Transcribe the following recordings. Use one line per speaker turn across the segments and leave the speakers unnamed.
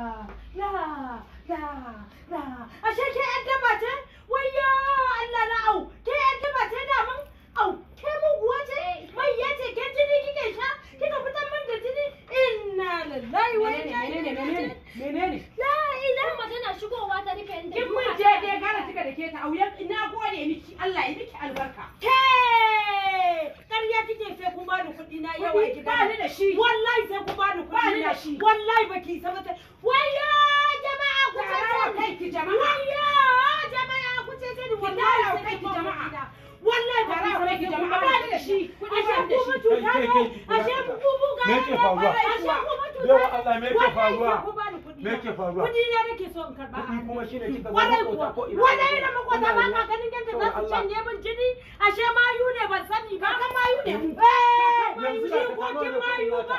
la la la ashe ke yan ce Allah na au ke yan da mun au ke ce mai eh. ya ce ke jini kike sha kika fitar min da jini inna lillahi wa inna ilaihi raji'un menene la ilaha kuma tana shigowa ta rufe inda kin mun je dai gara kika da ke ta auyan ina gode miki Allah ya miki albarka ke kike kuma da kuɗi na yawa gida ba ni da shi wallahi sai kuma da kuɗi na shi wallahi baki san Wayyo jama'a ku ce ta ni. Wayyo jama'a ku ce ta ni. Wallahi kai ki jama'a. Wallahi ba za kai ki jama'a ba da shi. Ashe ku mutu ta ne. ku ne. Ashe ku mutu ta ne. Allah me ke faruwa? me faruwa kudi ne nake so in karba kudi kuma shine kika ga ko ina wanda yana makota ba ka ganin yadda za su canje min jini ashe mayu ne ban sani ba kan mayu ne eh ban yi ko kin mayu ba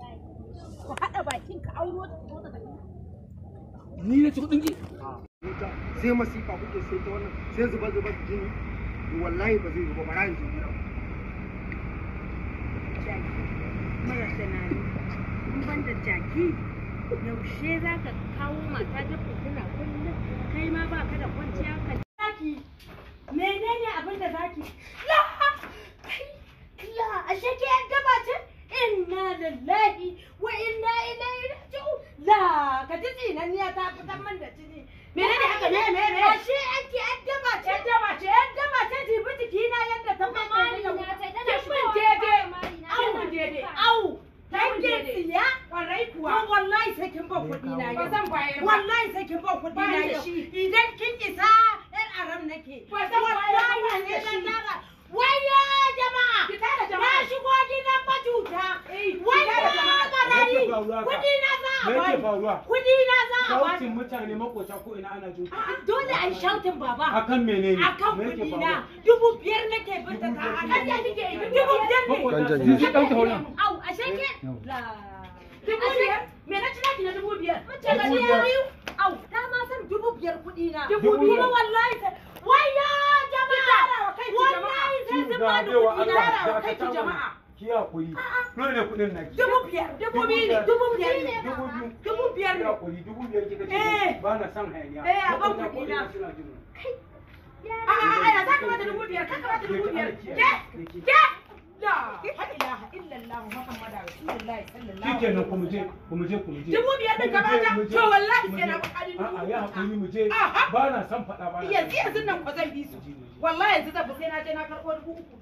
Ka haɗa bakin ka auro ta ta da ni na ci kuɗin ki sai masifa kuke sai ta wannan sai zuba zuba jini wallahi ba zai zuba ba ran jini mara tunani in ban da jaki yaushe za ka kawo mata ta fitina kullum kai ma ba ka da kwanciya ka zaki menene abin da zaki lillahi wa inna ilaihi raji'un la ka ji tsinan ya ta fitar man da jini menene haka ne me me ashe anki addaba ce addaba ce addaba ce jibi jiki na yadda ta fama ni na ta dana shi mun dede au mun dede au dan ke tsiya kwarai kuwa to wallahi sai kin ba kuɗi na yau zan bayar wallahi sai kin ba kuɗi na yau idan kin isa yar aram nake wallahi ne dan dara faruwa ka? Kuɗi na za a bani. Me faruwa? Kuɗi na za a bani. Shautin mutane ko ina ana jin. Dole a yi shautin baba. Akan menene? Akan kuɗi na. Dubu biyar na ke bin ta ta. Akan ya kike yi. Dubu biyar ne. Makota sun ji ɗauke horon. Au, a shanke. Eh, dubu biyar. Me na ci naki na dubu biyar? Mace ga ni ya Au, ta ma san dubu biyar kuɗi na. Dubu biyar. Wallahi. Waya jama'a. Wallahi zai zama da kuɗi na. Jama'a. ki hakuri nawa ne kudin naki dubu biyar dubu biyar dubu biyar dubu biyu dubu biyar ne hakuri dubu biyar kika eh. ba na san hayaniya eh a ban kudi na a a a ya zaka bata dubu biyar kaka bata dubu biyar ke ke la ilaha illallah muhammadu rasulullahi sallallahu alaihi wasallam kuma je kuma je kuma je dubu biyar din gaba ta to wallahi sai na bukari a a ya hakuri mu ba na son fada ba yanzu yanzu nan ko zan bi su wallahi yanzu zan bi sai na je na karbo dubu uku